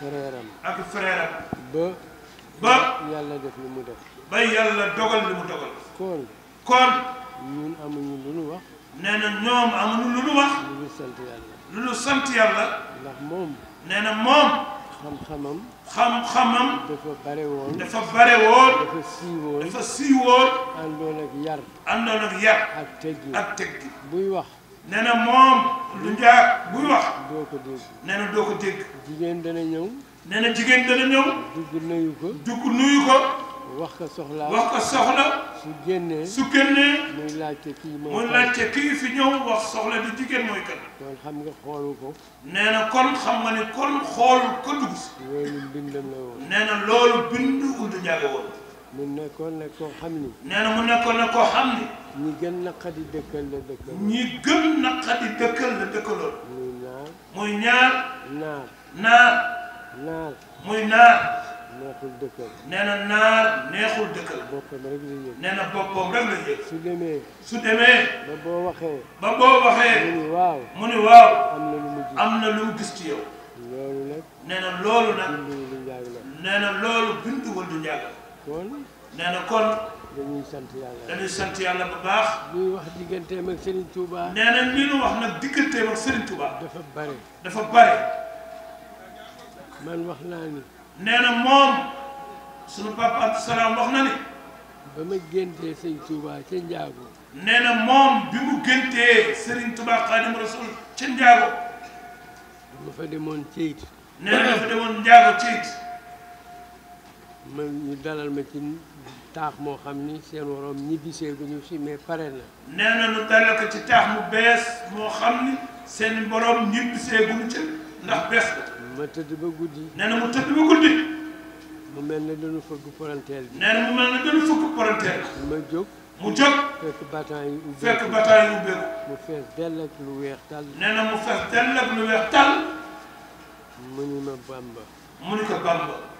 frère am ak frère am ba ba yàlla def li mu def ba yàlla dogal li mu dogal kon kon ñun amuñu lu ñu wax nee na ñoom amuñu lu ñu wax lu ñu sant yàlla lu ñu sant yàlla ndax moom nee na moom xam-xamam xam-xamam dafa bare woon dafa bare woon dafa siiwoon dafa siiwoon àndoon ak yar àndoon ak yar ak teggi buy wax nee na moom lu njaa buy wax. doo ko dégg nee na doo ko dégg. jigéen dana ñëw. nee na jigéen dana ñëw. dugg nuyu ko. dugg nuyu ko. wax ko soxla wax ko soxla. su génnee su génnee. muy laajte kii mooy muy laajte kii fi ñëw wax soxla di jigéen mooy kan. kon xam nga xoolu ko. nee na kon xam nga ni kon xool ko dugg si. loolu bindam la woon. nee na loolu bindu Ould Ndiaye woon. mu nekkoon ne koo xam ni. nee mu nekkoon ne koo xam ni. ñi gën naqadi dëkkal la dëkkal. ñi gën naqadi dëkkal la dëkkaloon. muy naar. muy ñaar. naar. naar. muy naar. neexul dëkkal. nee na naar neexul dëkkal. boppam rek la yëg. nee na boppam rek la yëg. su demee. su demee. ba boo waxee. ba boo waxee. mu ni waaw. mu ni waaw. am na lu mu gis am na lu mu gis ci yow. loolu nag. nee na loolu nag. nee na loolu bindu wala du njaagal. kon nee na kon dañuy sant yàlla sant yàlla bu baax ñuy wax digganteem ak Serigne Touba nee na li wax na digganteem ak Serigne Touba dafa bare dafa bare man wax naa ni nee na moom sunu papa Abdou Salaam wax na ni ba ma géntee sëñ Touba ca Njaago nee na moom bi mu géntee Serigne Touba Xaadimu Rasuul ca Njaago dama demoon Ceyit nee na dafa demoon Njaago Ceyit ma ñu dalal ma ci taax moo xam ni seen woroom ñibbiseeguñu si mais pare na. nee na dalal ko ci taax mu bees moo xam ni seen borom ñibbiseeguñu ci ndax bees la. ma tëdd ba guddi. nee na tëdd ba guddi. mu mel ne dañu fëgg parenteel bi. nee na mu mel ma jóg. mu jóg fekk bataan yi ubbeeku mu fees dell ak lu weex tàll. nee na mu fees dell ak lu weex tàll. mu ni ma bàmba. mu ni ko bàmba.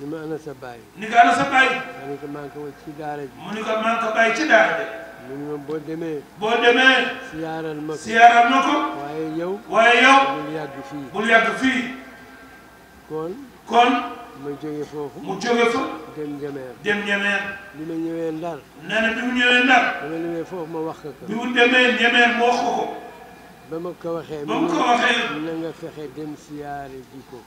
ni ma ana sa baay ni ko ana sa baay ma ni ko maa ngi ko ci daara ji mu ni ko maa ngi ko bàyyi ci daara ji mu ni ma boo demee boo demee siyaaral ma ko siyaaral ma ko waaye yow waaye yow bul yàgg fii bul yàgg fii kon kon ma jóge foofu mu jóge fa dem ñemeer dem ñemeer bi ma ñëwee ndar nee na bi mu ñëwee ndar bi ma ñëwee foofu ma wax ko ko bi mu demee ñemeer mu wax ko ko ba ma ko waxee ba ma ko waxee na nga fexe dem siyaare ji ko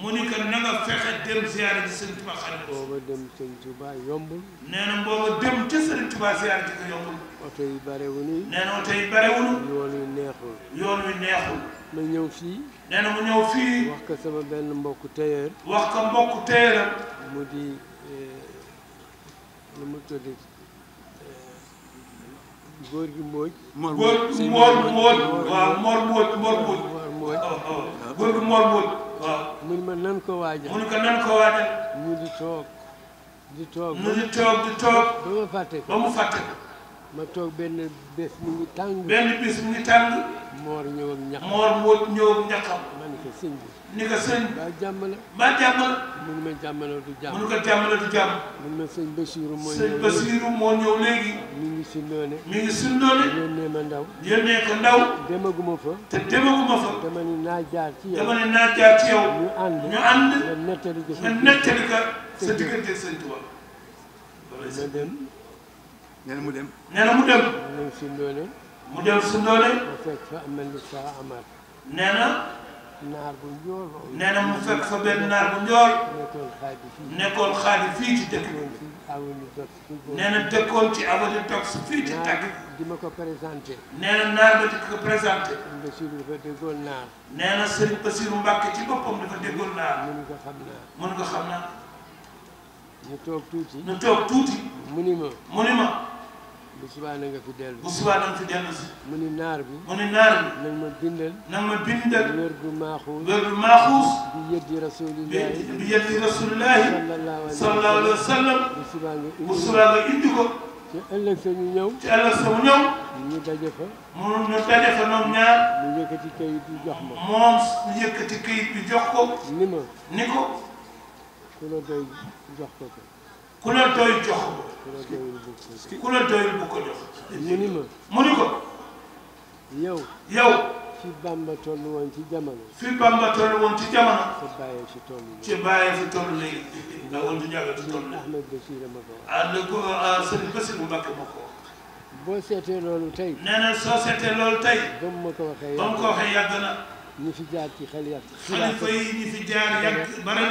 mu ni ko na nga fexe dem ziyaara ji sëñ Tuba xarit booba dem sëñ Tuba yombul nee na dem ca sëñ Tuba ziyaara ji ko yombul oto yi barewuñu nee na oto yi barewuñu yoon wi neexul yoon wi neexul ma ñëw fii nee na mu ñëw fii wax ko sama benn mbokku tailleur wax ko mbokku tailleur mu di lu eh, mu tuddi eh, góor gi Mbodj góor gi Mor Mbodj mbooñ góor oh, gu oh. ah. moor mbooñ waaw mun ma nan ko waajal mun ko nan ko waajal mu di toog di toog mu di toog di toog ba mu fàtte ba mu fàtte ma toog benn bés mu ngi tàng. benn bés mu moor ñëw ak ñax. moor moo ñëw ak ñaxam. ma ni bi. ni ko sëñ bi. ba jàmm la. mun ma jàmmaloo du jàmm. mun ko jàmmaloo ma sëñ Basiiru moo ñëw léegi. sëñ Basiiru mi ngi si noone. mi ngi si yónnee ma ndaw. yónnee ko ndaw. demaguma fa. te demaguma fa. dama ni ci yow. dama ni naa jaar ci yow. ñu ànd. ñu ànd. nga nettali sa diggante sëñ Tuubaa. ma dem. nee mu dem. nee mu dem. mu dem mu dem Sindoole. mu fekk fa Amadou nee na. naar bu njool. nee na mu fekk fa benn naar bu njool. nekkoon xaadi fii. nekkoon xaadi fii ci dëkk bi. nee ci avenue Dox di ma ko présenté. nee na naar ba di ko présenté. Bassirou dafa déggoon naar. nee na Serigne Bassirou Mbacke ci boppam dafa déggoon naar. xam naa. mun nga ñu toog tuuti. ñu toog mu ni mu ni bu subaa na nga fi dellu bu subaa na nga fi dellu si mu ni naar bi mu ni naar bi nag ma bindal nag ma bindal wér gu maaxuus wér gu maaxuus bi yeddi rasulillahi bi yeddi rasulillahi sallallahu alayhi wa sallam bu subaa nga indi bu subaa nga indi ko ci ëllëg sa ñu ñëw ci ëllëg sa mu ñëw ñu daje fa mu ñu daje fa ñoom ñaar mu yëkkati kayit bi jox ma moom mu yëkkati kayit bi jox ko ni ma ni ko ku la doy jox ko ko ku la doy jox ko ku la doy bu ko jox mu ni ma mu ni ko yow yow fi Bamba toll woon ci jamono fi Bamba toll woon ci jamono ci bàyyi fi toll ci bàyyi fi toll léegi nga woon du ñàkk ci toll Ahmed Bachir ma ko ànd ko ah, sëriñ bu Mbàkke ma ko boo seetee loolu tey nee na soo seetee loolu tey ba mu ko waxee ba mu ko fi jaar ci xel yàgg xalifa yi fi jaar yàgg bari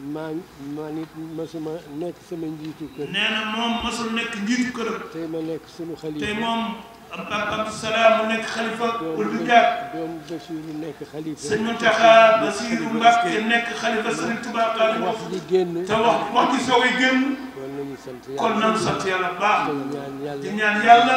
maa maa nit masuma nekk sama njiitu kër. nee na moom masul nekk njiitu këram. tey ma nekk sunu xalifa tey moom. Abdou Salaam mu nekk xalifa wala du jaar doomu Basiiru nekk xalifa. sëñ Mountakha Basiiru Mbàkke nekk xalifa sëñ Tuubaa Xaadimu wax ji génn te wax wax ji soogay génn. kon nañu sant yàlla kon nañu sant yàlla baax. di ñaan yàlla.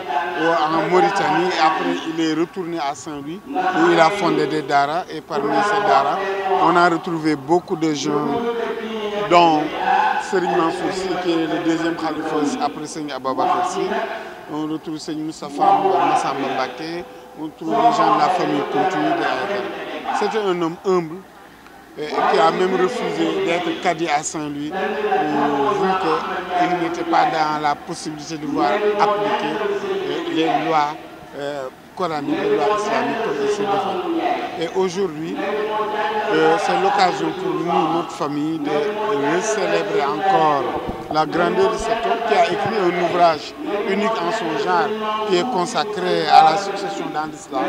en Mauritanie et après il est retourné à Saint-Louis il a fondé des daara et parmi ces daara on a retrouvé beaucoup de gens dont Serigne Mansour qui est le deuxième khalife après Serigne Ababacar Sy on retrouve Serigne Moustapha Massamba Mbacké on trouve les gens de la famille Kounta de c'était un homme humble et qui a même refusé d'être cadi à Saint-Louis vu qu'il n'était pas dans la possibilité de voir appliquer les lois euh, coraniques, les lois islamiques comme ici devant. Et aujourd'hui, euh, c'est l'occasion pour nous, notre famille, de, de encore la grandeur de cet homme qui a écrit un ouvrage unique en son genre, qui est consacré à la succession dans l'islam,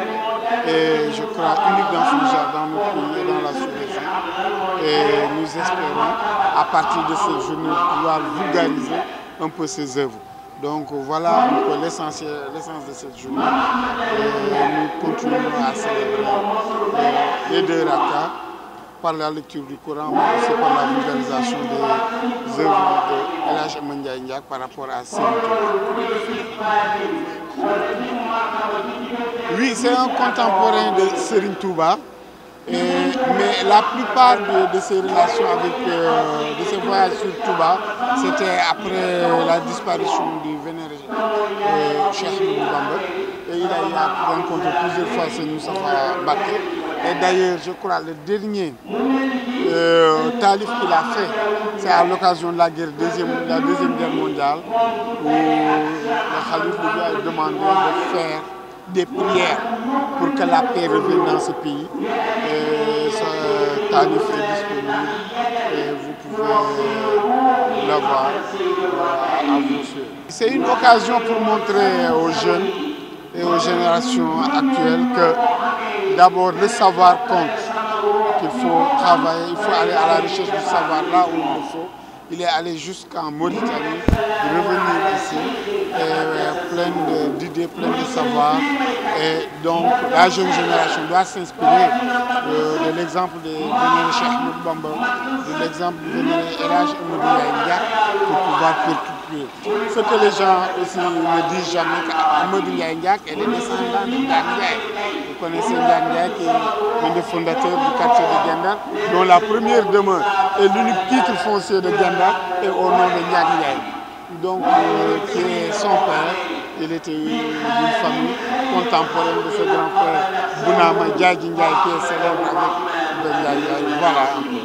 et je crois unique dans son genre dans la sous Et nous espérons, à partir de ce journée, vulgariser un peu ses œuvres. Donc voilà un peu l'essence de cette journée. Et nous continuons à célébrer les deux rakas par la lecture du Coran, mais aussi par la vulgarisation des œuvres de Elhaj Mandiaï par rapport à Saint. Oui, c'est un contemporain de Serigne Touba. Et, mais la plupart de, de relations euh, de ces voyages sur Touba, c'était après la disparition du vénéré euh, Cheikh Moubamba. Et il a eu à rencontrer plusieurs fois ce Moussafa Baké. Et d'ailleurs, je crois, le dernier euh, qu'il a fait, c'est à l'occasion de la guerre deuxième, Guerre mondiale, où le Khalif lui a demandé de faire des prières pour que la paix revienne dans ce pays. Et euh, ce tarif est disponible et vous pouvez euh, l'avoir euh, à vos C'est une occasion pour montrer aux jeunes et aux générations actuelles que d'abord le savoir compte, qu'il faut aller à la recherche du savoir là Il est allé jusqu'en Mauritanie, revenir ici, et, euh, plein d'idées, plein de savoir. Et donc la jeune génération doit s'inspirer euh, de l'exemple de vénéré Cheikh Ahmed de l'exemple de vénéré El Hadj Amadou Ndiaye pour pouvoir perpétuer Ce que les gens ne disent jamais, qu'Amadou Ndiaye est le descendant de Ndiaye. Vous connaissez Ndiaye qui est l'un des fondateurs du de Ganda, dont la première demeure et l'unique titre foncier de Ganda est au nom de Ndiaye. Donc, euh, qui est son père, il était d'une famille contemporaine de ce grand frère Bounama Ndiaye qui est célèbre avec Ndiaye. Voilà